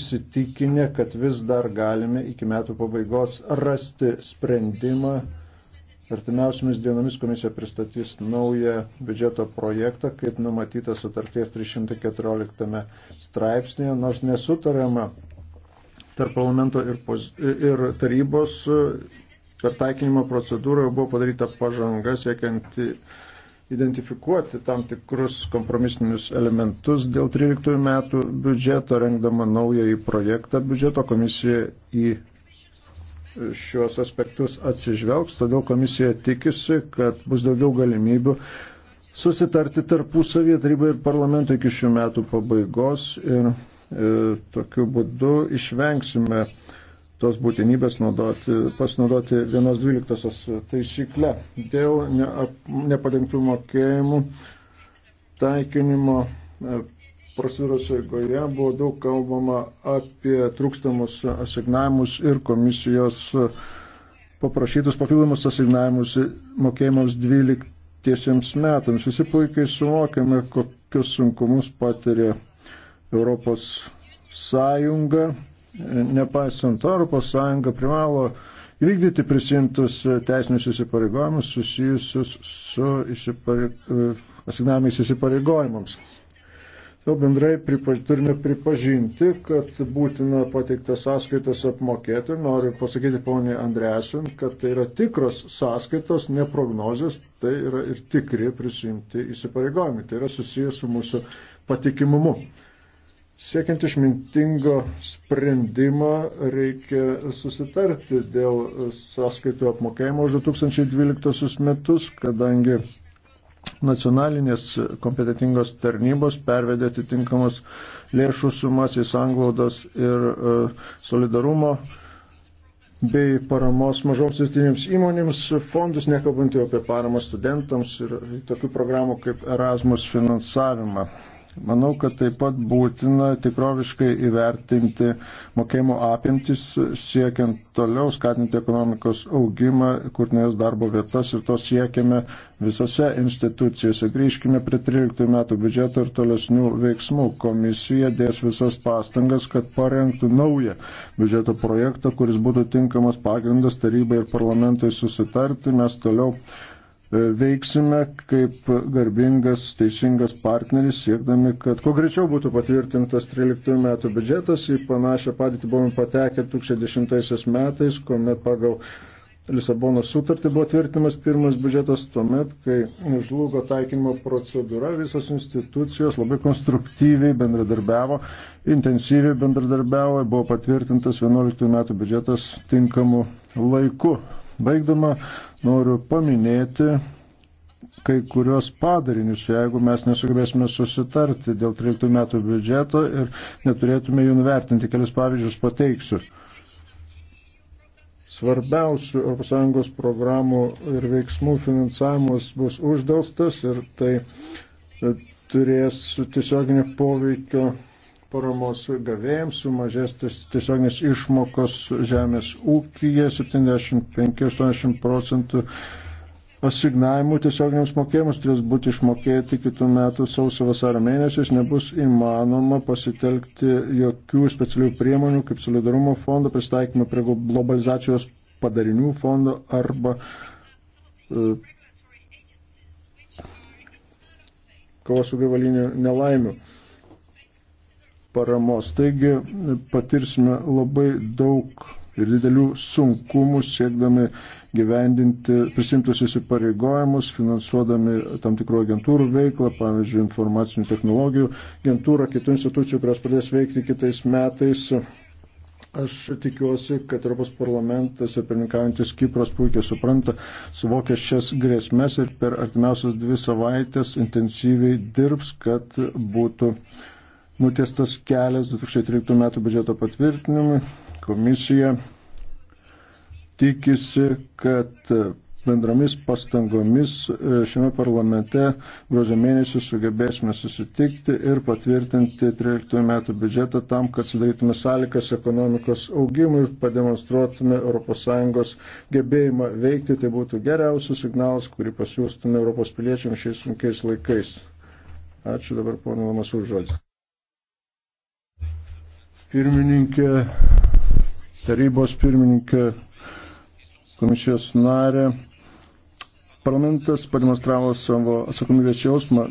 įsitikinę, kad vis dar galime iki metų pabaigos rasti sprendimą Artimiausiamis dienomis komisija pristatys naują biudžeto projektą, kaip numatyta sutarties 314 straipsnėje, nors nesutariama tarp parlamento ir, poz, ir tarybos per taikinimo procedūrą buvo padaryta pažanga siekiant identifikuoti tam tikrus kompromisinius elementus dėl 13 metų biudžeto, rengdama naująjį projektą biudžeto komisija į šiuos aspektus atsižvelgs, todėl komisija tikisi, kad bus daugiau galimybių susitarti tarpusavį tarybai ir parlamento iki šių metų pabaigos ir e, tokiu būdu išvengsime tos būtinybės naudoti, pasinaudoti 1.12 taisyklę dėl nepadengtų mokėjimų taikinimo e, procedūros eigoje buvo daug kalbama apie trūkstamus asignavimus ir komisijos paprašytus papildomus asignavimus mokėjimams 12 metams. Visi puikiai suvokiame, kokius sunkumus patiria Europos Sąjunga. Nepaisant to, Europos Sąjunga privalo įvykdyti prisimtus teisinius įsipareigojimus susijusius su įsipare... E, asignavimais įsipareigojimams. Jau bendrai pripaž, turime pripažinti, kad būtina pateiktas sąskaitas apmokėti. Noriu pasakyti poniai Andresin, kad tai yra tikros sąskaitos, ne prognozės, tai yra ir tikri prisimti įsipareigojimai. Tai yra susijęs su mūsų patikimumu. Siekiant išmintingo sprendimo reikia susitarti dėl sąskaitų apmokėjimo už 2012 metus, kadangi nacionalinės kompetitingos tarnybos pervedė atitinkamos lėšų sumas į sanglaudos ir e, solidarumo bei paramos mažoms vidutinėms įmonėms fondus, nekalbant jau apie paramą studentams ir tokių programų kaip Erasmus finansavimą. Manau, kad taip pat būtina tikroviškai įvertinti mokėjimo apimtis, siekiant toliau skatinti ekonomikos augimą, kurtinės darbo vietas ir to siekiame visose institucijose. Grįžkime prie 13 metų biudžeto ir tolesnių veiksmų. Komisija dės visas pastangas, kad parengtų naują biudžeto projektą, kuris būtų tinkamas pagrindas tarybai ir parlamentui susitarti. Mes toliau E, veiksime kaip garbingas, teisingas partneris, siekdami, kad kuo greičiau būtų patvirtintas 13 metų biudžetas. Į panašią padėtį buvome patekę 2010 metais, kuomet pagal Lisabonos sutartį buvo tvirtinamas pirmas biudžetas, tuomet, kai žlugo taikymo procedūra, visos institucijos labai konstruktyviai bendradarbiavo, intensyviai bendradarbiavo, buvo patvirtintas 11 metų biudžetas tinkamu laiku. Baigdama noriu paminėti kai kurios padarinius, jeigu mes nesugebėsime susitarti dėl 13 metų biudžeto ir neturėtume jų nuvertinti. Kelis pavyzdžius pateiksiu. Svarbiausių ES programų ir veiksmų finansavimas bus uždelstas ir tai turės tiesioginį poveikio paramos gavėjams, sumažės tiesioginės išmokos žemės ūkyje 75-80 procentų asignavimų tiesioginiams mokėjimus turės būti išmokėti kitų metų sausio vasario mėnesiais, nebus įmanoma pasitelkti jokių specialių priemonių kaip solidarumo fondo, pristaikymą prie globalizacijos padarinių fondo arba uh, kovos su gyvaliniu nelaimiu paramos. Taigi patirsime labai daug ir didelių sunkumų siekdami gyvendinti prisimtus įsipareigojimus, finansuodami tam tikrų agentūrų veiklą, pavyzdžiui, informacinių technologijų agentūrą, kitų institucijų, kurios pradės veikti kitais metais. Aš tikiuosi, kad Europos parlamentas ir pirmininkaujantis Kipras puikiai supranta, suvokia šias grėsmės ir per artimiausias dvi savaitės intensyviai dirbs, kad būtų uh, nutiestas kelias 2013 metų biudžeto patvirtinimui. Komisija tikisi, kad bendromis pastangomis e, šiame parlamente gruodžio mėnesį sugebėsime susitikti ir patvirtinti 13 metų biudžetą tam, kad sudarytume sąlygas ekonomikos augimui ir pademonstruotume ES gebėjimą veikti. Tai būtų geriausias signalas, kurį pasiūstume Europos piliečiams šiais sunkiais laikais. Ačiū dabar, pono Lamasų, žodžiu pirmininkė, tarybos pirmininkė, komisijos narė. Parlamentas pademonstravo savo atsakomybės jausmą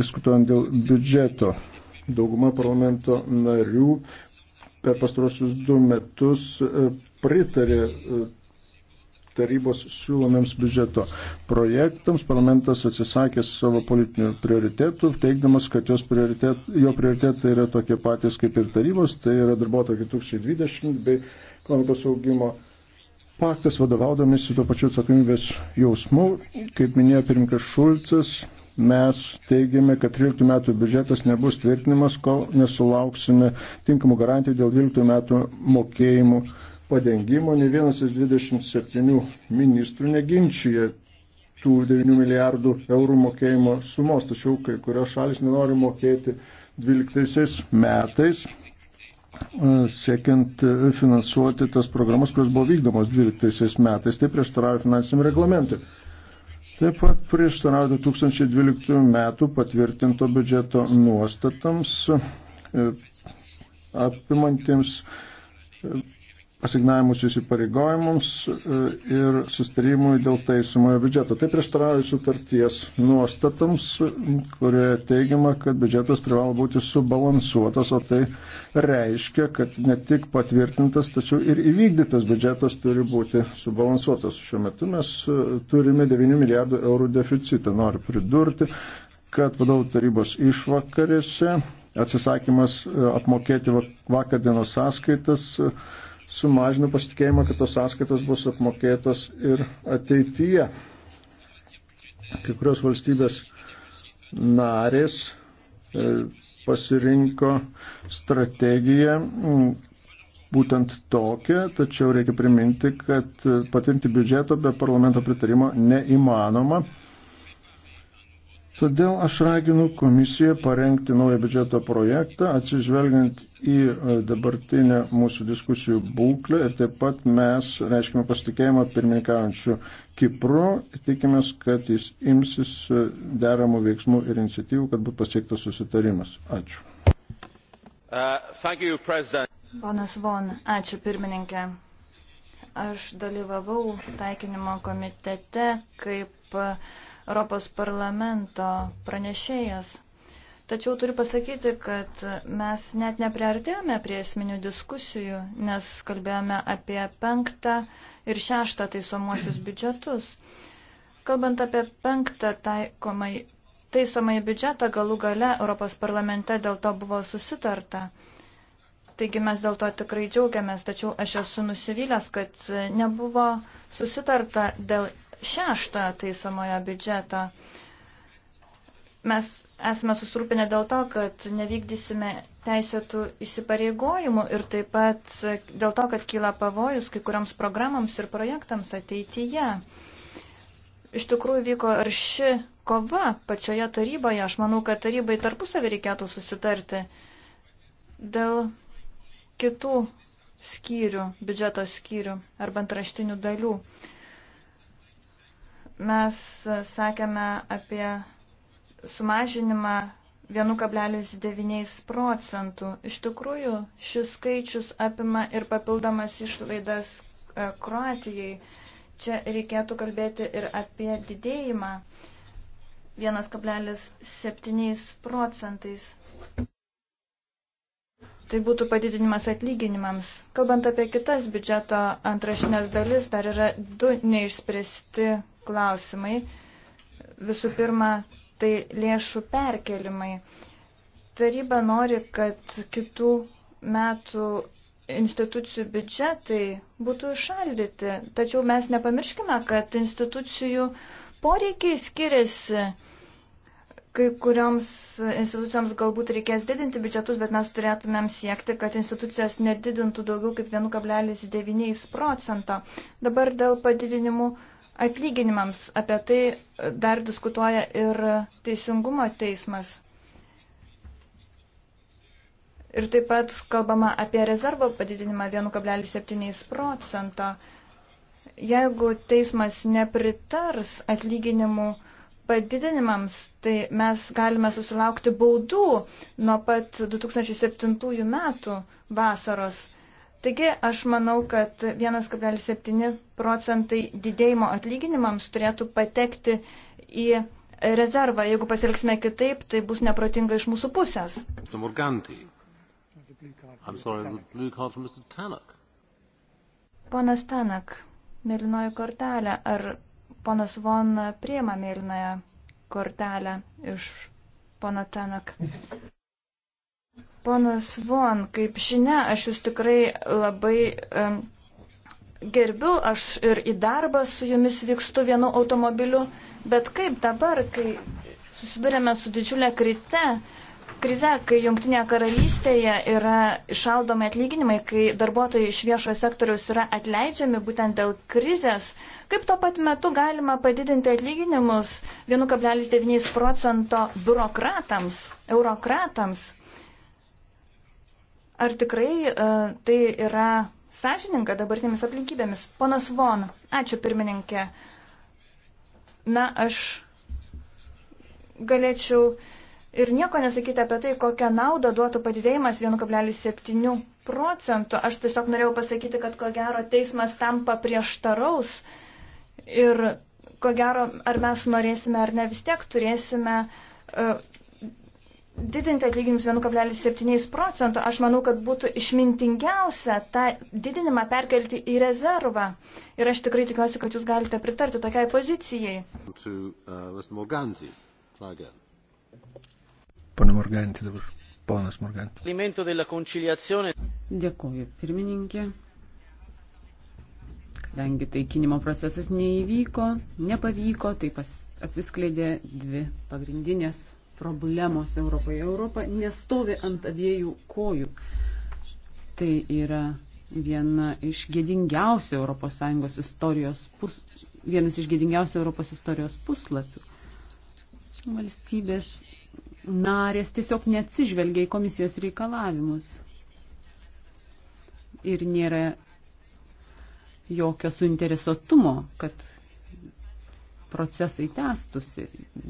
diskutuojant dėl biudžeto. Dauguma parlamento narių per pastarosius du metus e, pritarė e, tarybos siūlomiems biudžeto projektams. Parlamentas atsisakė savo politinių prioritetų, teikdamas, kad prioritet, jo prioritetai yra tokie patys kaip ir tarybos, tai yra darbotvarkė 2020 bei ekonomikos augimo paktas vadovaudomis su to pačiu atsakomybės jausmu. Kaip minėjo pirmininkas Šulcas, mes teigiame, kad 13 metų biudžetas nebus tvirtinimas, kol nesulauksime tinkamų garantijų dėl 12 metų mokėjimų padengimo, ne vienas iš 27 ministrų neginčia tų 9 milijardų eurų mokėjimo sumos, tačiau kai kurios šalis nenori mokėti 12 metais, e, siekiant e, finansuoti tas programas, kurios buvo vykdomos 12 metais, tai prieštarauja finansiniam reglamentui. Taip pat prieštarauja 2012 metų patvirtinto biudžeto nuostatams e, apimantiems asignavimus įsipareigojimams e, ir sustarimui dėl taisomojo biudžeto. Tai prieštarauja sutarties nuostatams, kurioje teigiama, kad biudžetas privalo būti subalansuotas, o tai reiškia, kad ne tik patvirtintas, tačiau ir įvykdytas biudžetas turi būti subalansuotas. Šiuo metu mes e, turime 9 milijardų eurų deficitą. Noriu pridurti, kad vadovų tarybos išvakarėse atsisakymas e, apmokėti vakardienos sąskaitas sumažina pasitikėjimą, kad tos sąskaitos bus apmokėtos ir ateityje. Kai kurios valstybės narės e, pasirinko strategiją būtent tokią, tačiau reikia priminti, kad e, patinti biudžeto be parlamento pritarimo neįmanoma. Todėl aš raginu komisiją parengti naują biudžeto projektą, atsižvelgiant į e, dabartinę mūsų diskusijų būklę ir taip pat mes reiškime pasitikėjimą pirmininkaujančiu Kipru, tikimės, kad jis imsis e, deramų veiksmų ir iniciatyvų, kad būtų pasiektas susitarimas. Ačiū. Uh, Ponas uh, Von, ačiū pirmininkė. Aš dalyvavau taikinimo komitete kaip kaip e, Europos parlamento pranešėjas. Tačiau turiu pasakyti, kad mes net nepriartėjome prie esminių diskusijų, nes kalbėjome apie penktą ir šeštą taisomuosius biudžetus. Kalbant apie penktą taikomai, taisomai biudžetą, galų gale Europos parlamente dėl to buvo susitarta. Taigi mes dėl to tikrai džiaugiamės, tačiau aš esu nusivylęs, kad nebuvo susitarta dėl šeštą taisomojo biudžeto. Mes esame susirūpinę dėl to, kad nevykdysime teisėtų įsipareigojimų ir taip pat dėl to, kad kyla pavojus kai kuriams programams ir projektams ateityje. Iš tikrųjų vyko arši kova pačioje taryboje. Aš manau, kad tarybai tarpusavį reikėtų susitarti dėl kitų skyrių, biudžeto skyrių arba antraštinių dalių mes sakėme apie sumažinimą 1,9 procentų. Iš tikrųjų, šis skaičius apima ir papildomas išlaidas e, Kroatijai. Čia reikėtų kalbėti ir apie didėjimą 1,7 procentais. Tai būtų padidinimas atlyginimams. Kalbant apie kitas biudžeto antrašinės dalis, dar yra du neišspręsti klausimai. Visų pirma, tai lėšų perkelimai. Taryba nori, kad kitų metų institucijų biudžetai būtų išaldyti. Tačiau mes nepamirškime, kad institucijų poreikiai skiriasi. Kai kurioms institucijoms galbūt reikės didinti biudžetus, bet mes turėtumėm siekti, kad institucijos nedidintų daugiau kaip 1,9 procento. Dabar dėl padidinimų atlyginimams. Apie tai dar diskutuoja ir Teisingumo teismas. Ir taip pat kalbama apie rezervo padidinimą 1,7 procento. Jeigu teismas nepritars atlyginimų padidinimams, tai mes galime susilaukti baudų nuo pat 2007 metų vasaros. Taigi aš manau, kad 1,7 procentai didėjimo atlyginimams turėtų patekti į rezervą. Jeigu pasilgsime kitaip, tai bus neprotinga iš mūsų pusės. Ponas Tanak, mėlynoji kortelė. Ar ponas Von priema mėlynąją kortelę iš pono Tanak? Ponas Von, kaip žinia, aš jūs tikrai labai um, gerbiu, aš ir į darbą su jumis vykstu vienu automobiliu, bet kaip dabar, kai susidurėme su didžiulė krite, krize, kai Junktinėje karalystėje yra išaldomi atlyginimai, kai darbuotojai iš viešojo sektoriaus yra atleidžiami būtent dėl krizės, kaip tuo pat metu galima padidinti atlyginimus 1,9 procento biurokratams, eurokratams? Ar tikrai uh, tai yra sąžininka dabartinėmis aplinkybėmis? Ponas Von, ačiū pirmininkė. Na, aš galėčiau ir nieko nesakyti apie tai, kokią naudą duotų padidėjimas 1,7 procentų. Aš tiesiog norėjau pasakyti, kad ko gero teismas tam paprieštaraus ir ko gero, ar mes norėsime ar ne, vis tiek turėsime uh, didinti atlyginimus 1,7 procentų, aš manau, kad būtų išmintingiausia tą didinimą perkelti į rezervą. Ir aš tikrai tikiuosi, kad jūs galite pritarti tokiai pozicijai. Uh, Pane Morganti dabar. Ponas Morganti. Dėkuoju, pirmininkė. Kadangi taikinimo procesas neįvyko, nepavyko, tai atsiskleidė dvi pagrindinės problemos Europoje. Europa nestovi ant abiejų kojų. Tai yra viena iš gėdingiausių ES istorijos, pus, vienas iš gėdingiausių Europos istorijos puslapių. Valstybės narės tiesiog neatsižvelgia į komisijos reikalavimus. Ir nėra jokio suinteresuotumo, kad procesai tęstusi.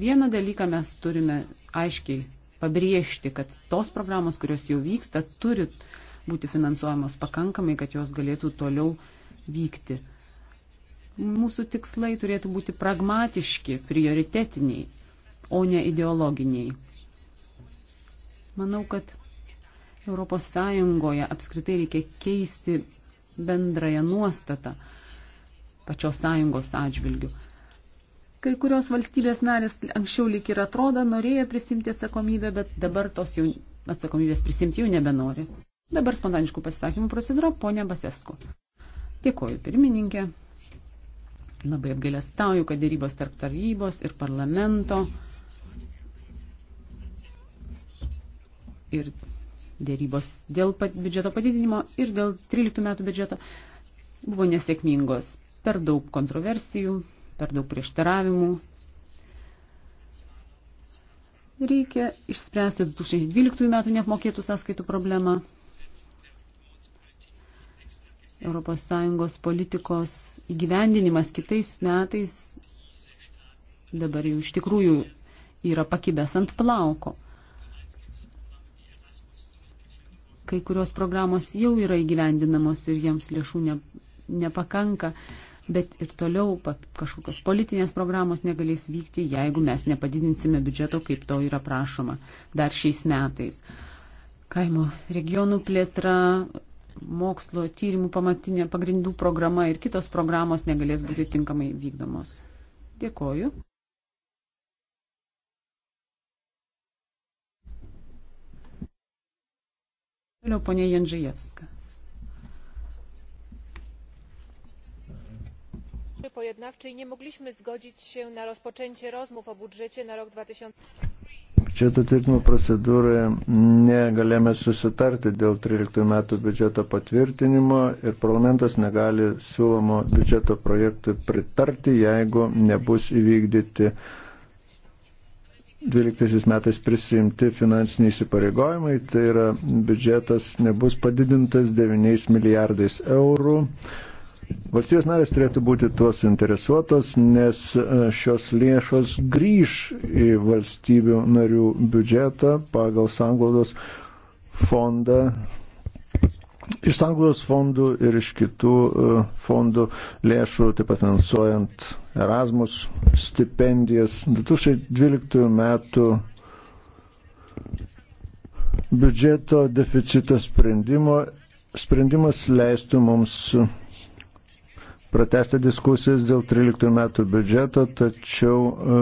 Vieną dalyką mes turime aiškiai pabrėžti, kad tos programos, kurios jau vyksta, turi būti finansuojamos pakankamai, kad jos galėtų toliau vykti. Mūsų tikslai turėtų būti pragmatiški, prioritetiniai, o ne ideologiniai. Manau, kad ES apskritai reikia keisti bendrąją nuostatą pačios sąjungos atžvilgių. Kai kurios valstybės narės anksčiau lyg ir atrodo, norėjo prisimti atsakomybę, bet dabar tos jau atsakomybės prisimti jau nebenori. Dabar spontaniškų pasisakymų procedūra, ponia Basesko. Dėkoju, pirmininkė. Labai apgailestauju, kad dėrybos tarp tarybos ir parlamento ir dėrybos dėl biudžeto padidinimo ir dėl 13 metų biudžeto buvo nesėkmingos. Per daug kontroversijų, per daug prieštaravimų. Reikia išspręsti 2012 metų neapmokėtų sąskaitų problemą. ES politikos įgyvendinimas kitais metais dabar jau iš tikrųjų yra pakibęs ant plauko. Kai kurios programos jau yra įgyvendinamos ir jiems lėšų ne, nepakanka bet ir toliau kažkokios politinės programos negalės vykti, jeigu mes nepadidinsime biudžeto, kaip to yra prašoma dar šiais metais. Kaimo regionų plėtra, mokslo tyrimų pamatinė pagrindų programa ir kitos programos negalės būti tinkamai vykdomos. Dėkoju. Toliau ponė Jendžijevska. pojednawczej nie mogliśmy zgodzić się na rozpoczęcie rozmów o budżecie na rok 2000. Biudžeto tvirtinimo procedūroje negalėjome susitarti dėl 13 metų biudžeto patvirtinimo ir parlamentas negali siūlomo biudžeto projektui pritarti, jeigu nebus įvykdyti 12 metais prisimti finansiniai įsipareigojimai, tai yra biudžetas nebus padidintas 9 milijardais eurų Valstybės narės turėtų būti tuo suinteresuotos, nes e, šios lėšos grįž į valstybių narių biudžetą pagal sanglaudos fondą. Iš sanglaudos fondų ir iš kitų e, fondų lėšų, taip pat finansuojant Erasmus stipendijas. 2012 metų biudžeto deficito sprendimo, sprendimas leistų mums pratesti diskusijas dėl 13 metų biudžeto, tačiau e,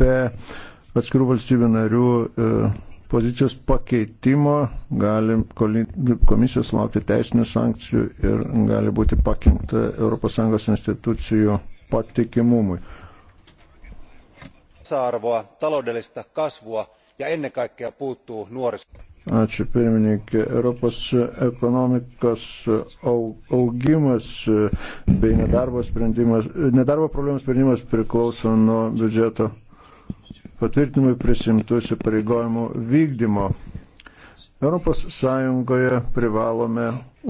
be atskirų valstybių narių e, pozicijos pakeitimo gali komisijos laukti teisinių sankcijų ir gali būti pakengta ES institucijų patikimumui. tasa arvoa taloudellista kasvua ja ennen kaikkea puuttuu nuorisoon. Ačiū pirmininkė. Europos ekonomikos augimas bei nedarbo, nedarbo problemų sprendimas priklauso nuo biudžeto patvirtinimui prisimtų įsipareigojimų vykdymo. Europos Sąjungoje privalome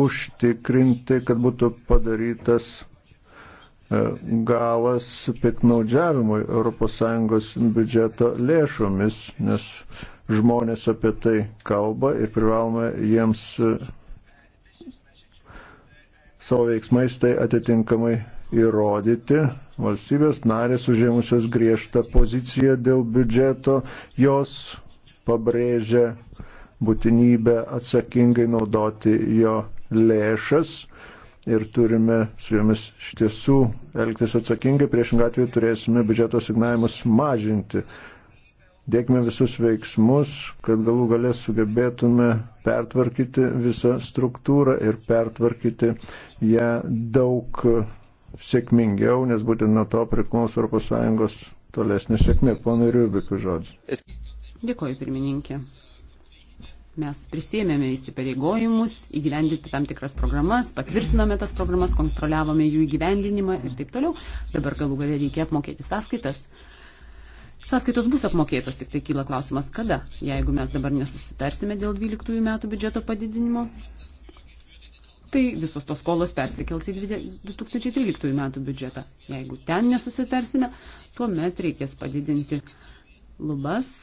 užtikrinti, kad būtų padarytas e, galas piknaudžiavimui Europos Sąjungos biudžeto lėšomis, nes žmonės apie tai kalba ir privalome jiems e, savo veiksmais tai atitinkamai įrodyti. Valstybės narės užėmusios griežtą poziciją dėl biudžeto, jos pabrėžia būtinybę atsakingai naudoti jo lėšas ir turime su jomis iš tiesų elgtis atsakingai, priešingai atveju turėsime biudžeto signavimus mažinti dėkime visus veiksmus, kad galų galės sugebėtume pertvarkyti visą struktūrą ir pertvarkyti ją daug sėkmingiau, nes būtent nuo to priklauso ES tolesnė sėkmė. Pono Riubikų žodžiu. Dėkoju, pirmininkė. Mes prisėmėme įsipareigojimus įgyvendinti tam tikras programas, patvirtinome tas programas, kontroliavome jų įgyvendinimą ir taip toliau. Dabar galų galia reikia apmokėti sąskaitas. Sąskaitos bus apmokėtos, tik tai kyla klausimas, kada. Jeigu mes dabar nesusitarsime dėl 12 metų biudžeto padidinimo, tai visos tos skolos persikels į 2013 metų biudžetą. Jeigu ten nesusitarsime, tuomet reikės padidinti lubas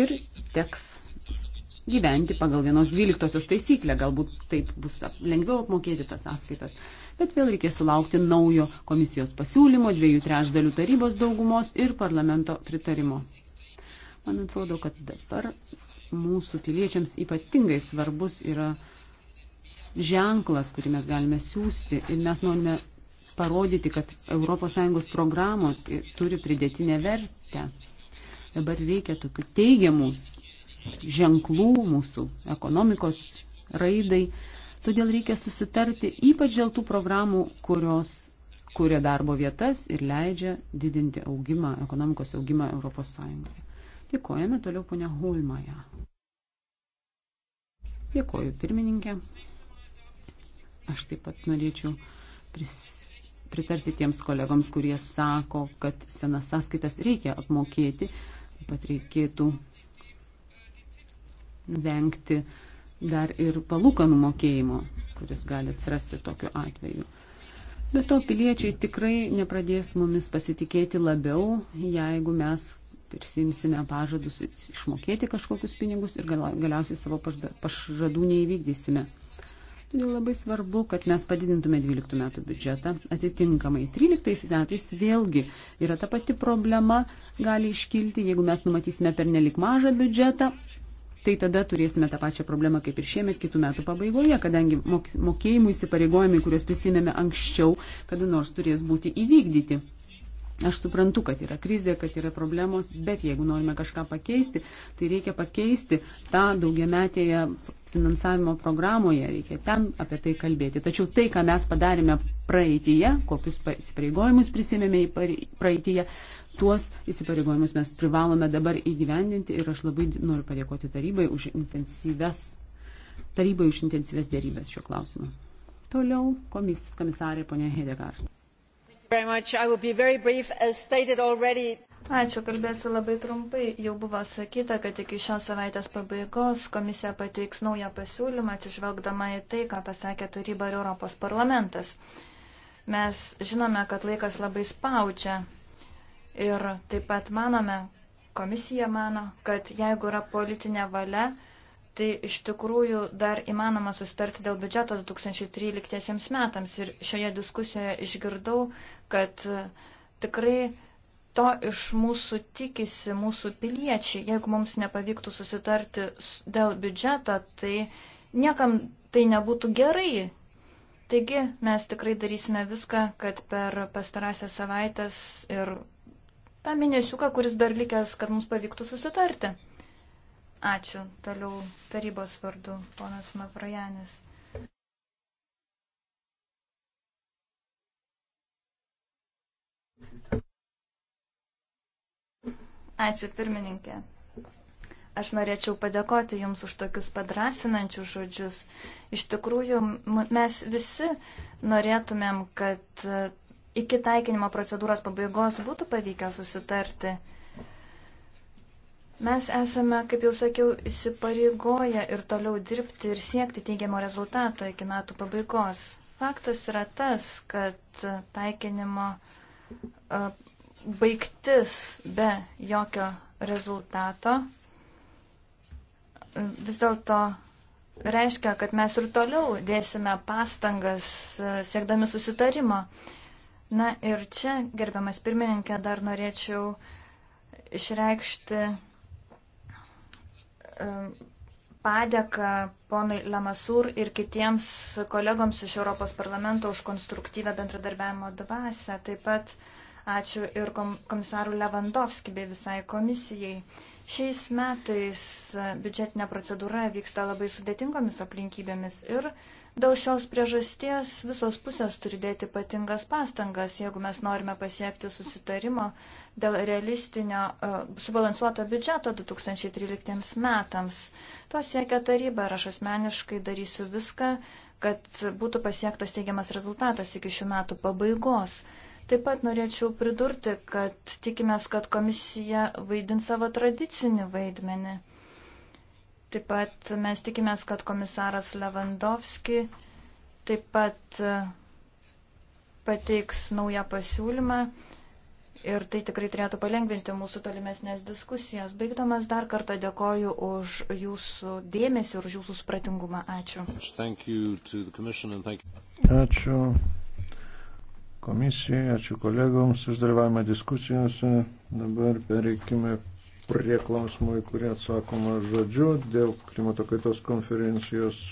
ir teks gyventi pagal vienos dvyliktosios taisyklę. Galbūt taip bus lengviau apmokėti tas sąskaitas bet vėl reikės sulaukti naujo komisijos pasiūlymo, dviejų trečdalių tarybos daugumos ir parlamento pritarimo. Man atrodo, kad dabar mūsų piliečiams ypatingai svarbus yra ženklas, kurį mes galime siūsti ir mes norime parodyti, kad ES programos turi pridėtinę vertę. Dabar reikia tokių teigiamų ženklų mūsų ekonomikos raidai, Todėl reikia susitarti ypač dėl tų programų, kurios kuria darbo vietas ir leidžia didinti augimą, ekonomikos augimą ES. Dėkojame toliau ponia Holmaja. Dėkoju pirmininkė. Aš taip pat norėčiau pris, pritarti tiems kolegoms, kurie sako, kad senas sąskaitas reikia apmokėti, taip pat reikėtų vengti uh, dar ir palūkanų mokėjimo, kuris gali atsirasti tokiu atveju. Bet to piliečiai tikrai nepradės mumis pasitikėti labiau, jeigu mes prisimsime pažadus išmokėti kažkokius pinigus ir galiausiai savo pažadų neįvykdysime. Todėl labai svarbu, kad mes padidintume 12 metų biudžetą atitinkamai. 13 metais vėlgi yra ta pati problema gali iškilti, jeigu mes numatysime per nelik mažą biudžetą, tai tada turėsime tą pačią problemą kaip ir šiemet kitų metų pabaigoje, kadangi mokėjimų įsipareigojimai, kuriuos prisėmėme anksčiau, kada nors turės būti įvykdyti. Aš suprantu, kad yra krizė, kad yra problemos, bet jeigu norime kažką pakeisti, tai reikia pakeisti tą daugiametėje finansavimo programoje, reikia ten apie tai kalbėti. Tačiau tai, ką mes padarėme praeitie, kokius įsipareigojimus prisėmėme praeitie, tuos įsipareigojimus mes privalome dabar įgyvendinti ir aš labai noriu padėkoti tarybai už intensyves, tarybai už intensyves dėrybės šiuo klausimu. Toliau komis, komisarė ponė Hedegar. Brief, already... Ačiū, kalbėsiu labai trumpai. Jau buvo sakyta, kad iki šios savaitės pabaigos komisija pateiks naują pasiūlymą, atsižvelgdama į tai, ką pasakė taryba ir Europos parlamentas. Mes žinome, kad laikas labai spaudžia ir taip pat manome, komisija mano, kad jeigu yra politinė valia, tai iš tikrųjų dar įmanoma susitarti dėl biudžeto 2013 metams. Ir šioje diskusijoje išgirdau, kad tikrai to iš mūsų tikisi mūsų piliečiai. Jeigu mums nepavyktų susitarti dėl biudžeto, tai niekam tai nebūtų gerai. Taigi mes tikrai darysime viską, kad per pastarąsią savaitęs ir tą mėnesiuką, kuris dar likęs, kad mums pavyktų susitarti. Ačiū. Toliau tarybos vardu, ponas Mavrojanis. Ačiū pirmininkė. Aš norėčiau padėkoti Jums už tokius padrasinančius žodžius. Iš tikrųjų, mes visi norėtumėm, kad e, iki taikinimo procedūros pabaigos būtų pavykę susitarti. Mes esame, kaip jau sakiau, įsipareigoję ir toliau dirbti ir siekti teigiamo rezultato iki metų pabaigos. Faktas yra tas, kad taikinimo e, baigtis be jokio rezultato vis dėlto reiškia, kad mes ir toliau dėsime pastangas e, siekdami susitarimo. Na ir čia, gerbiamas pirmininkė, dar norėčiau išreikšti e, padėką ponui Lamasur ir kitiems kolegoms iš Europos parlamento už konstruktyvę bendradarbiavimo dvasę. Taip pat uh, Ačiū ir komisarų Levandovski bei visai komisijai. Šiais metais e, biudžetinė procedūra vyksta labai sudėtingomis aplinkybėmis ir dėl šios priežasties visos pusės turi dėti ypatingas pastangas, jeigu mes norime pasiekti susitarimo dėl realistinio, e, subalansuoto biudžeto 2013 metams. To siekia taryba ir aš asmeniškai darysiu viską, kad būtų pasiektas teigiamas rezultatas iki šių metų pabaigos. Taip pat norėčiau pridurti, kad tikimės, kad komisija vaidins savo tradicinį vaidmenį. Taip pat mes tikimės, kad komisaras Lewandowski taip pat e, pateiks naują pasiūlymą ir tai tikrai turėtų palengvinti mūsų tolimesnės diskusijas. Baigdamas dar kartą dėkoju už jūsų dėmesį ir už jūsų supratingumą. Ačiū. Ačiū komisijai, ačiū kolegoms už dalyvavimą diskusijose. Dabar pereikime prie klausimų, į kurį atsakoma žodžiu dėl klimato kaitos konferencijos